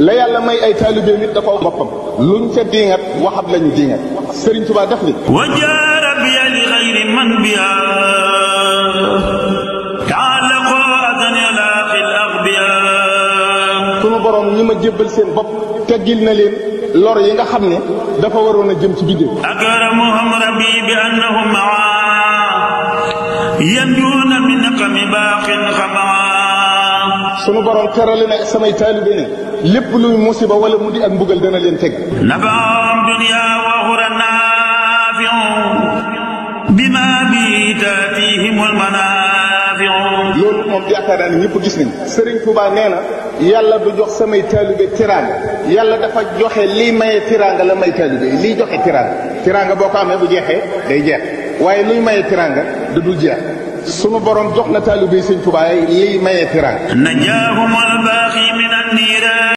لا يعلم أي تعلم بيميت لن تدينت وحب لن دينت سرين تبا من بيا قال قوعدن يا لاخ الأغبياء ثم برام بأنهم معا من قم باق خمر sunu borom terale na ak samay taalibe ne lépp luy musiba wala mu di ak mbugal dana leen teg nabaam dunya wa xura naafiu bima bi taatihimul manaafiu loolu moom yaakaar naa ne ñëpp gis nañ Sëriñ Tuubaa nee na yàlla du jox samay taalibe tiraanga yàlla dafa joxe liy maye tiraanga la may taalibe liy joxe tiraanga tiraanga boo ko amee bu jeexee day jeex waaye luy maye tiraanga da jeex sunu borom jox na taalibe Sëñ Tuubaa yi liy maye teraanga